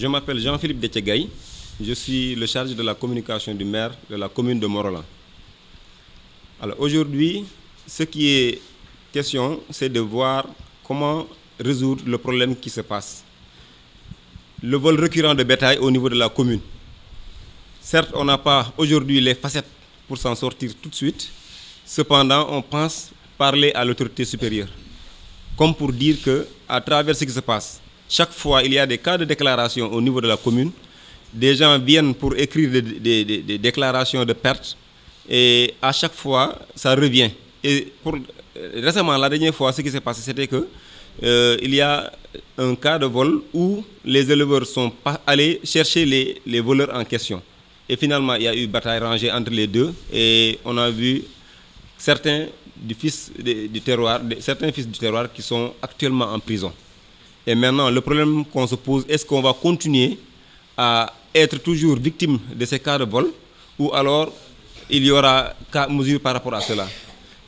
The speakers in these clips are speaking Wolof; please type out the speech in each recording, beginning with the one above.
Je m'appelle Jean-Philippe Detchegaï. Je suis le chargé de la communication du maire de la commune de Morolan. Alors aujourd'hui, ce qui est question, c'est de voir comment résoudre le problème qui se passe. Le vol récurrent de bétail au niveau de la commune. Certes, on n'a pas aujourd'hui les facettes pour s'en sortir tout de suite. Cependant, on pense parler à l'autorité supérieure, comme pour dire que, à travers ce qui se passe, Chaque fois, il y a des cas de déclaration au niveau de la commune. Des gens viennent pour écrire des, des, des, des déclarations de perte et à chaque fois, ça revient. Et pour, euh, récemment, la dernière fois, ce qui s'est passé, c'était que euh, il y a un cas de vol où les éleveurs sont pas allés chercher les, les voleurs en question. Et finalement, il y a eu bataille rangée entre les deux et on a vu certains du fils de, du terroir, de, fils du terroir qui sont actuellement en prison. Et maintenant, le problème qu'on se pose, est-ce qu'on va continuer à être toujours victime de ces cas de vol ou alors il y aura mesure par rapport à cela.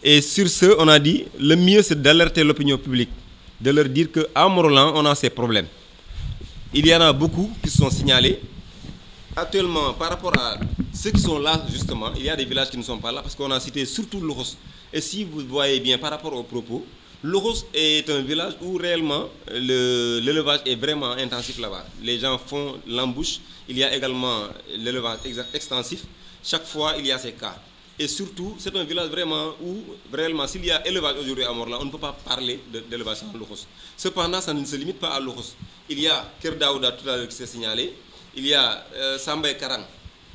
Et sur ce, on a dit, le mieux c'est d'alerter l'opinion publique, de leur dire qu'à Morolan, on a ces problèmes. Il y en a beaucoup qui sont signalés. Actuellement, par rapport à ceux qui sont là, justement, il y a des villages qui ne sont pas là parce qu'on a cité surtout l'Oros. Et si vous voyez bien par rapport aux Loros est un village où réellement le l'élevage est vraiment intensif là-bas. Les gens font l'embouche, il y a également l'élevage extensif. Chaque fois, il y a ces cas. Et surtout, c'est un village vraiment où réellement s'il y a élevage aujourd'hui à Morla, on ne peut pas parler d'élevage en Loros. Cependant, ça ne se limite pas à Loros. Il y a Kër Daouda tout à l'heure qui il y a euh, Sambay Karang,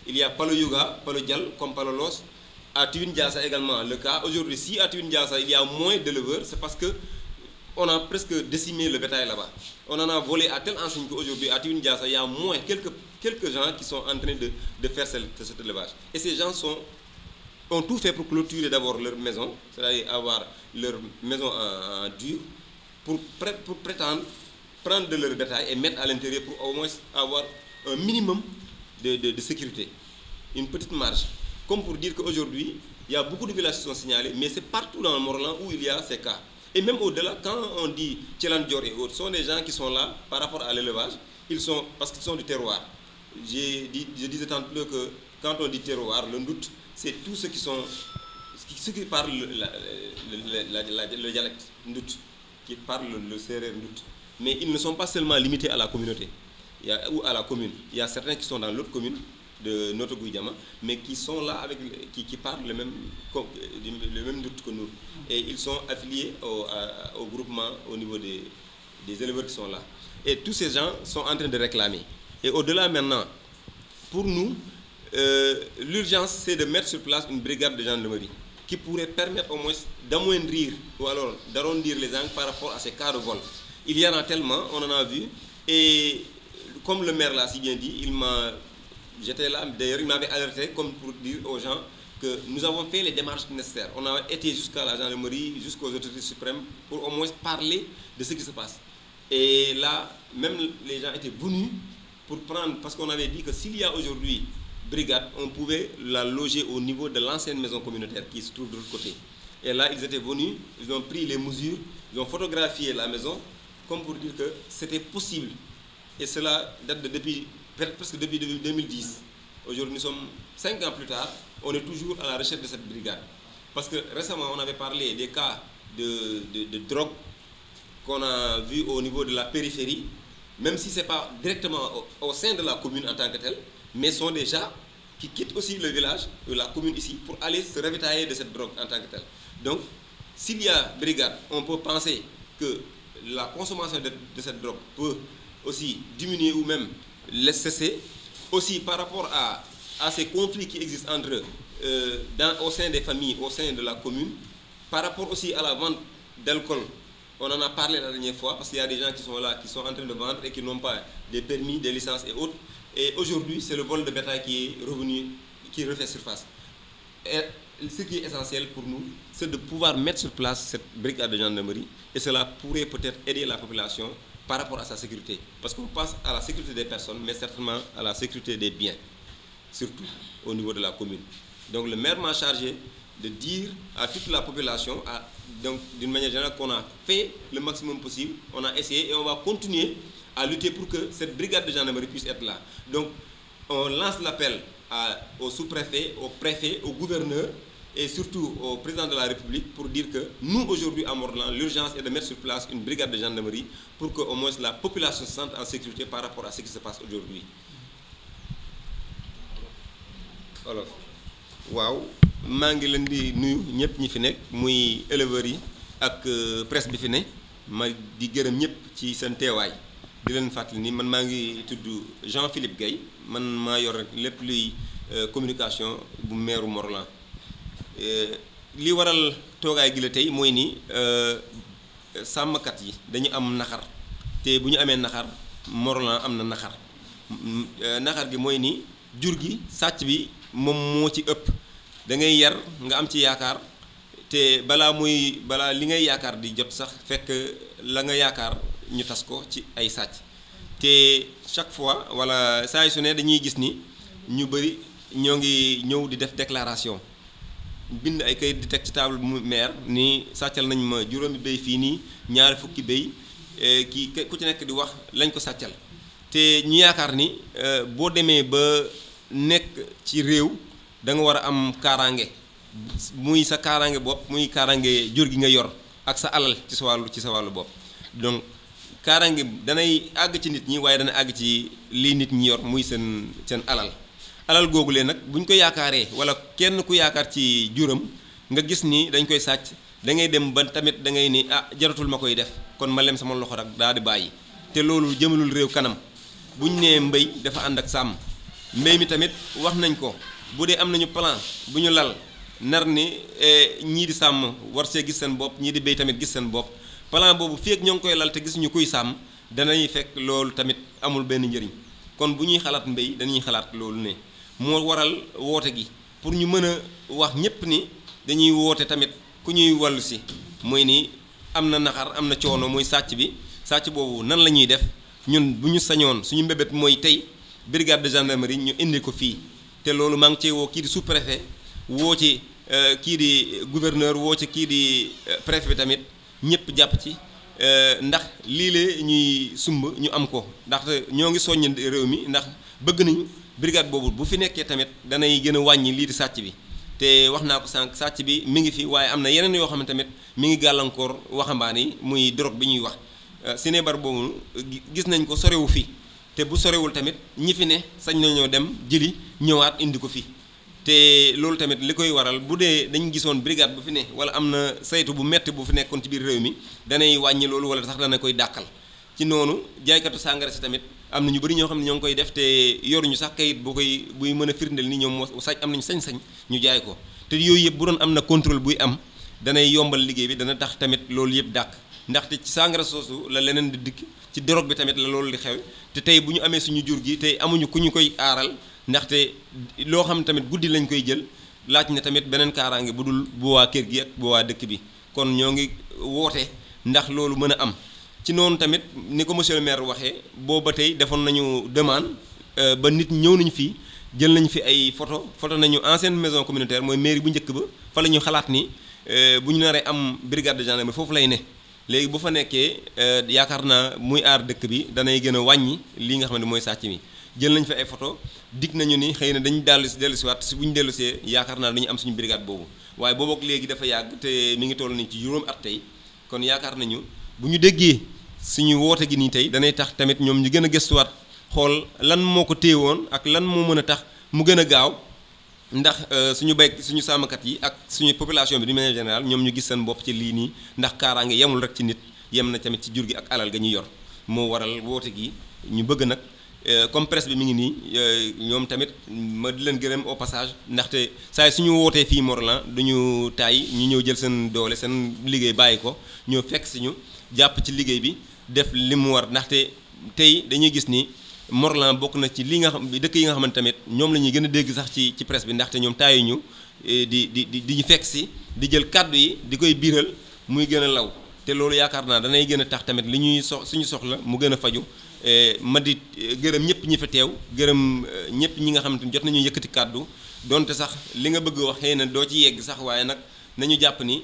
il y a Palo Yuga, Palo Dial, comme Palo Los. à Tuine Diassa également le cas. Aujourd'hui, si à Tuine Diassa il y a moins d'éleveurs, c'est parce que on a presque décimé le bétail là-bas. On en a volé à telle enseigne qu'aujourd'hui, à Tuine Diassa, il y a moins, quelques, quelques gens qui sont en train de, faire cet élevage. Et ces gens sont ont tout fait pour clôturer d'abord leur maison, c'est-à-dire avoir leur maison en, en pour, pré, pour, prétendre prendre de leur bétail et mettre à l'intérieur pour au moins avoir un minimum sécurité, une petite comme pour dire qu'aujourd'hui, il y a beaucoup de villages sont signalés, mais c'est partout dans le Morlan où il y a ces cas. Et même au-delà, quand on dit Tchelandjor et autres, ce sont des gens qui sont là par rapport à l'élevage, ils sont parce qu'ils sont du terroir. Dit, je disais que quand on dit terroir, le doute, c'est tous ceux qui sont ceux qui parlent le, dialecte ndoute, qui parlent le serrer ndoute. Mais ils ne sont pas seulement limités à la communauté commune. y a commune, de Notto Gouye Diama mais qui sont là avec qui qui parlent le même le même doute que nous et ils sont affiliés au groupement au niveau des des éleveurs qui sont là et tous ces gens sont en train de réclamer et au-delà maintenant pour nous euh, l'urgence c'est de mettre sur place une brigade de gendarmerie qui pourrait permettre au moins d'amoindrir ou alors d'arrondir les angles par rapport à ces cas de vol il y en a tellement on en a vu et comme le l'a si bien dit j'étais là, d'ailleurs, il m'avait alerté comme pour dire aux gens que nous avons fait les démarches nécessaires. On a été jusqu'à la gendarmerie, jusqu'aux autorités suprêmes, pour au moins parler de ce qui se passe. Et là, même les gens étaient venus pour prendre, parce qu'on avait dit que s'il y a aujourd'hui brigade, on pouvait la loger au niveau de l'ancienne maison communautaire qui se trouve de l'autre côté. Et là, ils étaient venus, ils ont pris les mesures, ils la maison, comme pour dire que c'était Et cela date de depuis parce que depuis 2010 aujourd'hui nous sommes 5 ans plus tard on est toujours à la recherche de cette brigade parce que récemment on avait parlé des cas de de, de drogue qu'on a vu au niveau de la périphérie même si c'est pas directement au, au sein de la commune en tant que telle mais sont des gens qui quittent aussi le village ou la commune ici pour aller se ravitailler de cette drogue en tant que telle donc s'il brigade on peut penser que la consommation de, de cette drogue peut aussi laisse cesser. Aussi, par rapport à, à ces conflits qui existent entre eux, euh, dans, au sein familles, au sein de la commune, par rapport aussi à la vente d'alcool, on en a parlé la dernière fois, parce qu'il y a des gens qui sont là, qui sont en train de vendre et qui n'ont pas des permis, des licences et autres. Et aujourd'hui, c'est le vol de bétail qui est revenu, qui refait surface. Et ce qui est essentiel pour nous, c'est de pouvoir mettre sur place cette brigade de gendarmerie et cela pourrait peut-être par rapport à sa sécurité. Parce qu'on passe à la sécurité des personnes, mais certainement à la sécurité des biens, surtout au niveau de la commune. Donc le maire m'a chargé de dire à toute la population, à, donc d'une manière générale, qu'on a fait le maximum possible, on a essayé et on va continuer à lutter pour que cette brigade de gendarmerie puisse être là. Donc on lance l'appel au sous-préfet, au préfet, au gouverneur, et surtout au président de la République pour dire que nous, aujourd'hui, à Morlan, l'urgence est de mettre sur place une brigade de gendarmerie pour que qu'au moins la population se sente en sécurité par rapport a ce qui se passe aujourd'hui. waaw maa ngi leen di nuyu ñëpp ñi fi nekk muy éleveurs yi ak euh, presse bi fi ne ma di gërëm ñëpp ci seen teewaay di leen fàttali ni man maa ngi tudd Jean-Philippe Guèye man maa yor rek lépp luy euh, communication bu meeru Morlan Eh, li waral toogaay gi la tey mooy nii ni eh, sàmmkat yi dañu am naxar te bu ñu amee naxar Morolan am na naxar mm, eh, naxar gi mooy nii jur gi sàcc bi moom moo ci ëpp da ngay yar nga am ci yaakaar te balaa muy balaa li ngay yaakaar di jot sax fekk la nga yaakaar ñu tas ko ci ay sàcc te chaque fois wala saa su ne dañuy gis ni ñu bëri ñoo ngi ñëw di def déclaration bind ay kayit di teg ci table mu maire ni sàccal nañ ma juróomi béy fii nii ñaari fukki béy eh, kii ku ci nekk di wax lañ ko sàccal te ñu yaakaar ni eh, boo demee ba nekk ci réew da nga war a am kaaraange muy sa kaaraange bopp muy kaaraange jur gi nga yor ak sa alal ci sa wàllu ci sa wàllu bopp donc kaaraange danay àgg ci nit ñi waaye dana àgg ci lii nit ñi yor muy seen seen alal alal googu leen nag bu ñu ko yaakaaree wala kenn ku yaakaar ci juram nga gis ni dañ koy sàcc da ngay dem ba tamit da ngay ni ah jaratul ma koy def kon ma lem sama loxo rek daal di bàyyi te loolu jëmalul réew kanam bu ñu nee mbéy dafa ànd ak sàmm mbéy mi tamit wax nañ ko bu dee am nañu plan bu ñu lal nar ni eh, ñii di sàmm war see gis seen bopp ñii di béy tamit gis seen bopp plan boobu fii ak ñoo ngi koy lal te gis ñu kuy sàmm danañ fekk loolu tamit amul benn njëriñ kon bu ñuy xalaat mbéy dañuy xalaat loolu ne moo waral woote gi pour ñu mën a wax ñépp ni dañuy woote tamit ku ñuy wàllu si mooy nii am na naxar am na coono mooy sàcc bi sàcc boobu nan la ñuy def ñun bu ñu sañoon suñu mbébét mooy tey brigade de gendarmerie ñu indi ko fii te loolu maa ngi cee woo kii di su préfet woo ci euh, kii di gouverneur woo ci kii di euh, préfet bi tamit ñépp jàpp ci euh, ndax lii la ñuy sumb ñu am ko ndaxte ñoo ngi soññ réew mi ndax bëgg nañu brigade boobu bu fi nekkee tamit danay gën a wàññi lii di sàcc bi te wax naa ko sànq sàcc bi mi ngi fi waaye am na yeneen yoo xam ne tamit mi ngi gàllankoor waxambaane yi muy drogue bi ñuy wax euh, sinébar boobu gis nañ ko sorewu fi te bu sorewul tamit ñi fi ne sañ nañoo dem jëli ñëwaat indi ko fi te loolu tamit li koy waral bu dee dañ gisoon brigade bu fi ne wala am na saytu bu metti bu fi nekkoon ci biir réew mi danay wàññi loolu wala sax dana koy dàkkal ci noonu jaaykatu sàngara si tamit am na ñu bëri ñoo xam ne ñoo ngi koy def te yoruñu sax kayit bu koy buy mën a firndeel ni ñoom moo sañ am nañu sañ-sañ ñu jaay ko te yooyu yëpp bu doon am na contrôle buy am danay yombal liggéey bi dana tax tamit loolu yëpp dàq ndaxte ci soosu leneen di dikk ci drogue bi tamit la loolu di xew te tey bu ñu amee suñu jur gi tey amuñu ku ñu koy aaral ndaxte loo xam tamit guddi lañ koy jël laaj na tamit beneen kaaraange bu dul bu waa kër gi ak waa dëkk bi kon ñoo ngi woote ndax loolu mën a am ci noonu tamit ni ko monsieur le maire waxee booba tey defoon nañu demande euh, ba nit ñëw nañu fii jël nañu fi ay foto photo nañu ancienne maison communautaire mooy maire bu njëkk ba fa la xalaat ni euh, bu ñu naree am brigade de gendarmerie foofu lay ne léegi bu fa nekkee euh, yaakaar naa muy aar dëkk bi danay gën a wàññi lii nga xam ne mooy sàcc mi jël nañ fa ay foto dig nañu ni xëy na dañu dellu si dellu si si bu ñu dellu see yaakaar naa dañu am suñu brigade boobu waaye boobu ak léegi dafa yàgg te mi ngi toll ni ci juróom at tey kon yaakaar nañu bu ñu déggee suñu woote gi nii tey danay tax tamit ñoom ñu gën a gëstuwaat xool lan moo ko téye woon ak lan moo mën a tax mu gën a gaaw ndax euh, suñu bay suñu sàmmkat yi ak suñu population bi di manière générale ñoom ñu gis seen bopp ci lii nii ndax kaaraange yemul rek ci nit yem na tamit ci jur gi ak alal ga ñu yor moo waral woote gi ñu bëgg nag Euh, comme presse bi mu ngi nii euh, ñoom tamit ma di leen gërëm au passage ndaxte saa suñu wootee fii Morlan duñu taay ñu ñëw jël seen doole seen liggéey bàyyi ko ñoo fekk si ñu jàpp ci liggéey bi def li mu war ndaxte tey dañuy gis ni Morlan bokk na ci li nga xam dëkk yi nga xamante tamit ñoom la ñuy gën a dégg sax ci ci presse bi ndaxte ñoom taayu ñu euh, di di di ñu fekk si di jël kàddu yi di koy biiral muy gën a law te loolu yaakaar naa danay gën a tax tamit li ñuy sox suñu soxla mu gën a faju Eh, ma di eh, gërëm ñëpp ñi fi teew gërëm eh, ñëpp ñi nga xamante ni jot nañu yëkkati kàddu donte sax li nga bëgg wax xëy na doo ci yegg sax waaye nag nañu jàpp ni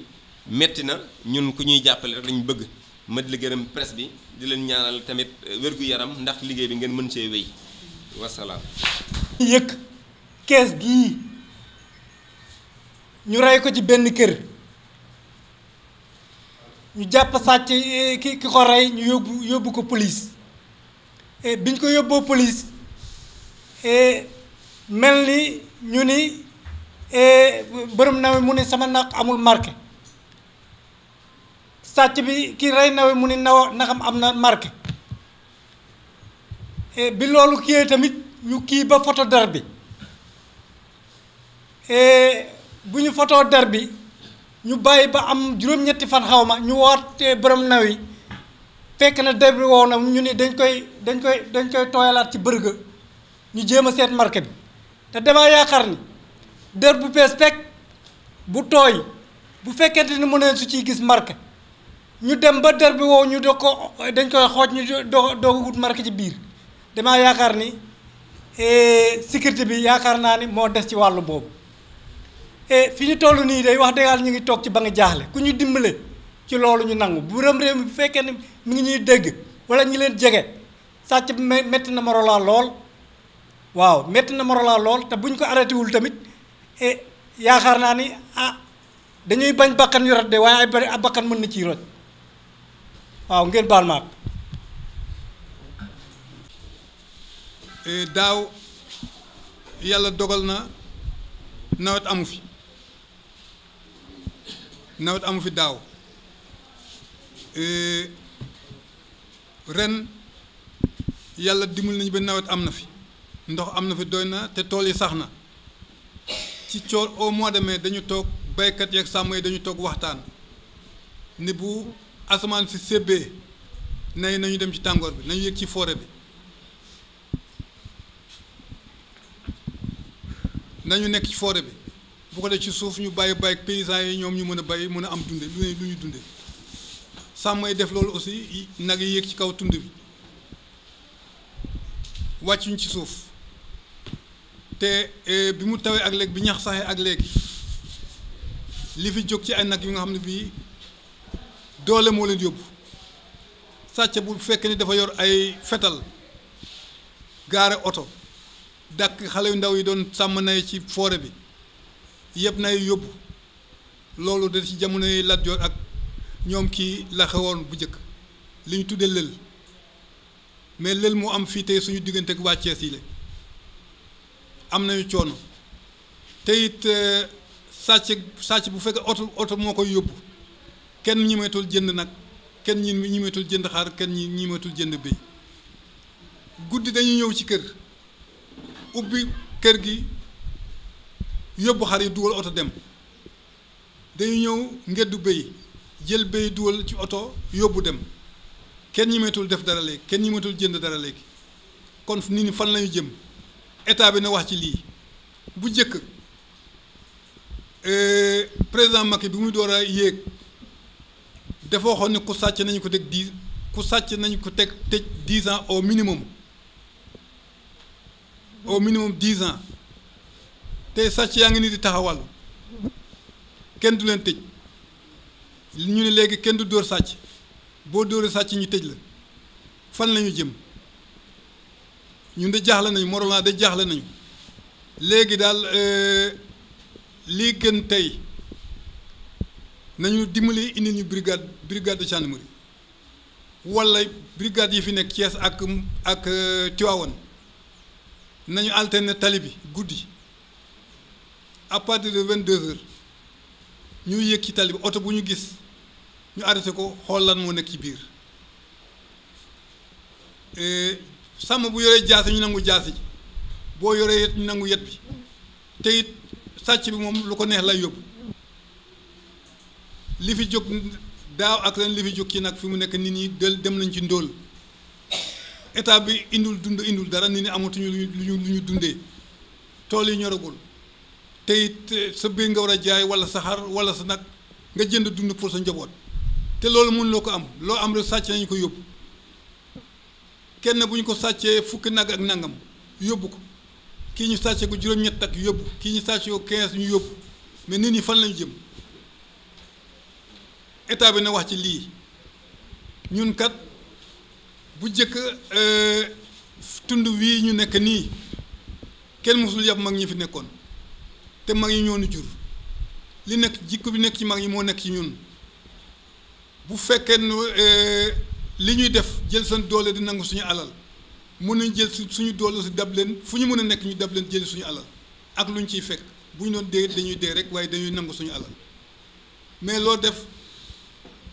metti na ñun ku ñuy jàppale rek lañu bëgg ma di la gërëm presse bi di leen ñaanal tamit gu yaram ndax liggéey bi ngeen mën see wéy wasalaam. yëkk kees gi ñu rey ko ci benn kër ñu jàpp sàcc ki ki ko rey ñu yóbbu yóbbu ko polis Eh, biñ ko yóbboo polis eh, mel ni ñu ni eh, bërëm nawe mu ni sama naq amul marqué sàcc bi ki rey nawe mu ni nawa naxam am na marqué bi loolu kiyee tamit ñu kii ba photo der bi bu ñu photo der bi ñu bàyyi ba am juróom-ñetti fan xaw ma ñu waat bërëm nawi fekk na débris woow na ñu ni dañ koy dañ koy dañ koy tooyalaat ci bërëg ñu jéem a seet marqué bi te damaa yaakaar ni dër bu bees teg bu tooy bu fekkente ni mu ne su ciy gis marqué ñu dem ba dër bi woow ñu do ko dañ koy xooj ñu doo doo wut marqué ci biir damaa yaakaar ni e, sécurité bi yaakaar naa ni moo des ci wàllu boobu e, fi ñu toll nii day wax dëgg yàlla ñu ngi toog ci ba nga jaaxle ku ñu dimbale ci loolu ñu nangu bu rëm réew mi bu fekkee ne mu ngi ñuy dégg wala ñu leen jege sàcc metti na Morolan lool waaw metti na Morolan lool te buñ ko arrêté wul tamit eh, yaakaar naa ni ah dañuy bañ bakkan yu rot de waaye ay bari ab bakkan mën na ciy roj waaw ngeen baal ma eh, daaw yàlla dogal na nawet amu fi nawet amu fi daaw Euh, ren yàlla dimbali nañu ba nawet am na fi ndox am na fi doy na te tool yi sax na ci cool au mois de mai dañu toog baykat yeeg sàmm yi dañu toog waxtaan ni bu asamaan si sébbee nay nañu dem ci tàngoor bi nañu yëg ci foore bi nañu nekk ci foore bi bu ko def ci suuf ñu bàyyi bàyyi paysans yi ñoom ñu mën a bàyyi mën a am dunde lu ne lu ñu dunde sàmm yi def loolu aussi nag yi yéeg ci kaw tund bi wàccuñ ci suuf te eh, bi mu tawee ak léegi bi ñax saxee ak léegi li fi jóg ci ay nag yu nga xam ne bii doole moo leen yóbbu sàcc bu fekkee ni dafa yor ay fetal gaare oto dàq xale yu ndaw yi doon sàmm nay ci foore bi yëpp nay yóbbu loolu da ci jamonoy Lat Joor ak ñoom kii la xewoon bu njëkk li ñu tuddee lël mais lël moo am fii tey suñu diggante ak waa Cees yi la am nañu coono te it euh, sàcc sàcc bu fekkee oto oto moo koy yóbbu kenn ñimeetul jënd nag kenn ñi ñimeetul jënd xaar kenn ñi ñimeetul jënd béy guddi dañuy ñëw ci kër ubbi kër gi yóbbu xar yi dugal oto dem dañuy ñëw ngeddu béy. jël béy duwal ci oto yóbbu dem kenn ñimeetul def dara léegi kenn ñimeetul jënd dara léegi kon nit ñi fan lañu jëm état bi na wax ci lii bu jëkk euh, président Macky bi muy door a yéeg dafa waxoon ne ku sàcc nañu ko teg dix ku sàcc nañu ko teg tëj dix ans au minimum au minimum dix ans te sàcc yaa ngi ni di taxawal kenn du leen tëj ñu ne léegi kenn du dóor sàcc boo dóoree sàcc ñu tëj la fan lañu jëm ñu de jaaxle nañu Morolan de jaaxle nañu léegi daal euh, lii gën tey nañu dimbali indi ñu brigade brigade de gendarmerie wala brigade yi fi nekk Thiès ak ak euh, Tivaouane nañu alterner tali bi guddi à partir de vingt-deux heures ñu yéeg ci tali bi oto bu ñu gis ñu arrêté ko xool lan moo nekk ci biir sàmm bu yoree jaasi ñu nangu jaasi ji boo yoree yet ñu nangu yet bi te it sàcc bi moom lu ko neex lay yóbbu li fi jóg daaw ak ren li fi jóg ci nag fi mu nekk nit ñi del dem nañ ci ndóol état bi indul dund indul dara nit ñi amatuñu lu ñu dundee tool yi ñoragul te eh, sa biir nga war a jaay wala sa xar wala sa nag nga jënd dund pour sa njaboot. te loolu mënuloo ko am loo am rek sàcc nañu ko yóbbu kenn bu ñu ko sàccee fukki nag ak nangam yóbbu ko kii ñu sàccee ko juróom-ñett ak yóbbu kii ñu sàccee ko quinze ñu yóbbu mais nit ñi fan lañu jëm état bi na wax ci lii ñun kat bu jëkk euh, tund wii ñu nekk nii kenn mosul yàpp mag ñi fi nekkoon te mag ñi ñoo nu jur li nekk jikk bi nekk ci mag ñi moo nekk ci ñun bu fekkee ne eh, li ñuy def jël seen doole di nangu suñu alal mun nañ jël suñu doole si dab leen fu ñu mën a nekk ñu dab leen jël suñu alal ak lu ñu ciy fekk bu ñu doon dee dañuy dee rek waaye dañuy nangu suñu alal mais loo def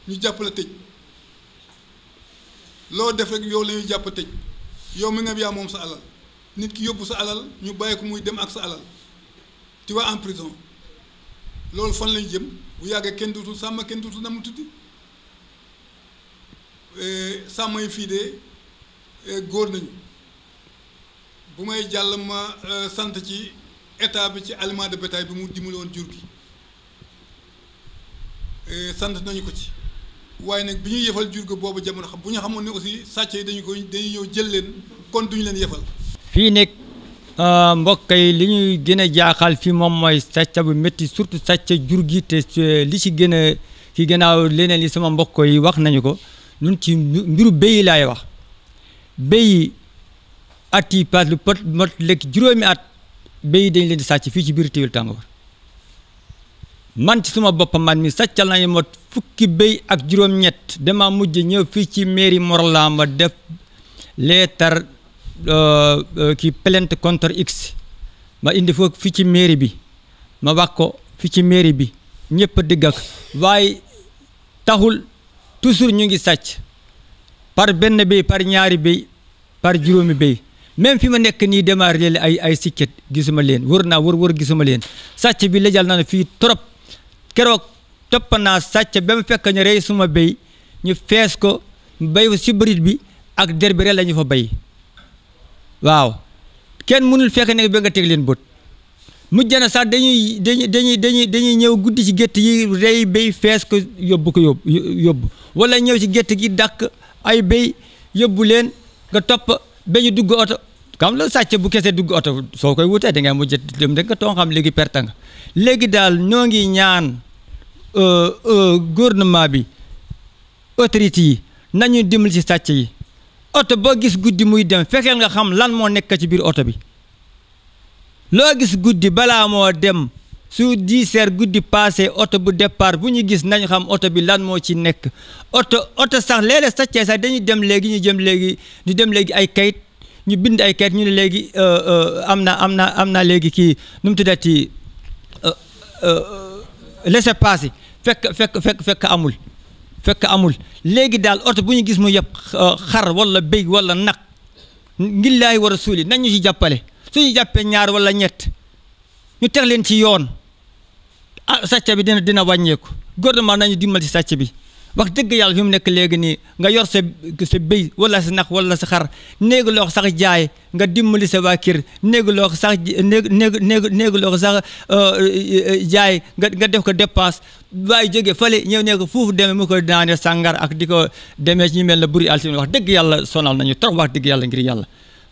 ñu jàppale la tëj loo def rek yow la ñuy jàpp tëj yow mi nga yaa moom sa alal nit ki yóbbu sa alal ñu bàyyi ko muy dem ak sa alal tu vas en prison loolu fan lañu jëm bu yàggee kenn dootul sàmm kenn dootul na mu tuddi Eh, sàmm yi fii de eh, góor nañu bu may jàll ma eh, sant ci état bi ci aliment de bétail bi mu dimbali jur gi sant nañu ko ci waaye nag bi ñuy yëfal jur gi boobu jamono xam bu ñu xamoon ne aussi sàcc yi dañu ko dañuy ñëw jël leen kon duñu leen yëfal fii nekk mbokk yi li ñuy gën a jaaxal fii moom mooy sàcc bu métti surtout sàcc jur gi te li ci gën a ci gannaaw leneen li sama mbokk yi wax nañu ko ñun ci mbiru béy laay wax béy at yi lu pot mot lekk juróomi at béy dañ leen sàcc fii ci biir Tiwil Tambawar man ci suma boppam man mi sàccal nañu mot fukki béy ak juróom-ñett dama mujj ñëw fii ci mairie Morla ma def leetar euh, euh, ki plainte contre x ma indi foofu fii ci mairie bi ma wax ko fii ci mairie bi ñëpp a ak waaye taxul toujours ñu ngi sàcc par benn béy par ñaari béy par juróomi béy même fi ma nekk nii démarré leen ay ay sikket gisuma leen wër naa wër wër gisuma leen sàcc bi lajal naa ne fii trop keroog topp naa sàcc ba mu fekk ñu rey suma béy ñu fees ko béy si bërit bi ak der bi rek la ñu fa béy waaw kenn mënul fekk ne ba nga teg leen bët mujj na sax dañuy dañuy dañuy dañuy dañuy ñëw guddi ci gétt yi rey béy fees ko yóbbu ko yóbbu yóbbu wala ñëw ci gétt gi dàq ay béy yóbbu leen nga topp béyu dugg oto xam la sàcc bu kese dugg oto soo koy wutee da ngay mujj dem rek nga toog xam léegi perte léegi daal ñoo ngi ñaan euh, euh, gouvernement bi autorité yi nañu dimbali ci sàcc yi oto boo gis guddi muy dem fexeel nga xam lan moo nekk ci biir oto bi loo gis guddi balaa moo dem su dix heures guddi passé oto bu départ bu ñu gis nañu xam oto bi lan moo ci nekk oto oto sax léeg-léeg sax sax dañuy dem léegi ñu jëm léegi ñu dem léegi ay kayit ñu bind ay kayit ñu ne léegi euh, euh, am na am na am na léegi kii nu mu tuddati euh, laissez-passer fekk fekk fekk fekk amul fekk amul léegi daal oto bu ñu gis mu yëpp xar wala béy wala nag ngillaay wa rasuuli nañ ñu ci jàppale suñu jàppee ñaar wala ñett ñu teg leen ci yoon ah sàcc bi dina dina wàññeeku gouvernement nañu dimbal ci sàcc bi wax dëgg yàlla fi mu nekk léegi nii nga yor sa sa béy wala sa nag wala sa xar néegi loo sax jaay nga dimbali sa waa kër néegi loo sax néeg néeg néeg néegi loo sax euh, euh, euh, jaay nga nga def ko dépense waaye jógee fale ñëw ko foofu demee mu ko daane sàngar ak di ko demee ci ñu mel ne buri altine wax dëgg yàlla sonal nañu trop wax dëgg yàlla ngir yàlla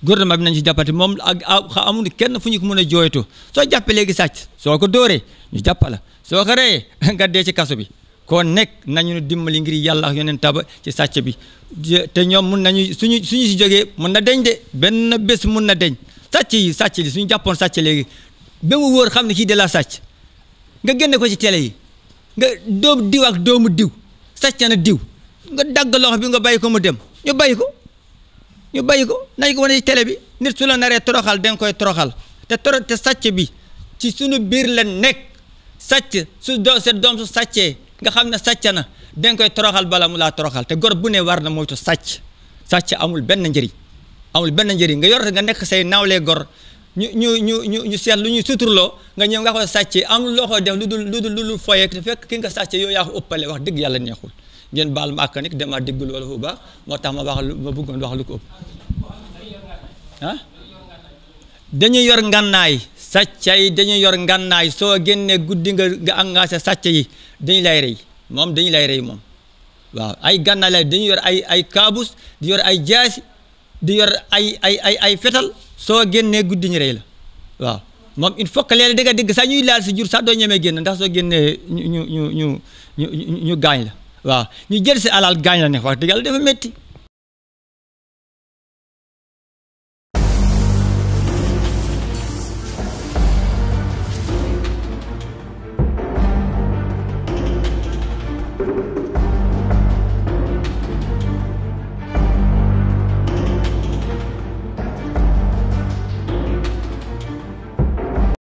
gouvernement bi nañ ci jàppante moom ak amul kenn fu ñu ko mën a jooytu soo jàppee léegi sàcc soo ko dooree ñu jàppala soo ko reyee nga dee ci kaso bi kon nekk nañu dimbali ngir yàlla ak yoneen ci sàcc bi te ñoom mun nañu suñu suñu si jógee mun na deñ de benn bés mun na deñ sàcc yi sàcc li suñu jàppoon sàcc léegi ba mu wóor xam ne kii de la sàcc nga génne ko ci télé yi nga doomu diw ak doomu diw sàcc na diw nga dagg loxo bi nga bàyyi ko mu dem ñu bàyyi ko ñu bàyyi ko nañ ko wane ci télé bi nit su la naree toroxal da koy toroxal te toro te sàcc bi ci suñu biir la nekk sàcc su do sa doom su sàccee nga xam ne sàcc na da nga koy toroxal bala mu laa toroxal te gor bu ne war na moytu sàcc sàcc amul benn njëriñ amul benn njëriñ nga yor nga nekk say naawlee gor ñu ñu ñu ñu ñu seet lu ñuy suturloo nga ñëw nga ko sàccee amul loo koy def lu dul lu dul lu dul foyee te fekk ki nga sàccee yow yaa ko ëppale wax dëgg neexul ngeen baal ma àkk nag damaa déggul wala bu baax moo tax ma wax lu ma bëggoon wax lu ko ëpp dañuy yor ngànnaay sàcca yi dañuy yor ngànnaay soo génnee guddi nga nga engagé sàcca yi dañu lay rey moom dañu lay rey moom waaw ay gànnaay dañuy yor ay ay kaabus yor ay jaasi di yor ay ay ay ay fetal soo génnee guddi ñu rey la waaw moom il faut que léeg-léeg dégg dégg sax ñuy laal si jur sax doo ñemee génn ndax soo génnee ñu ñu ñu ñu ñu gaañ la waaw ñu jël si alal gaañ la ne wax dëgg yàlla dafa métti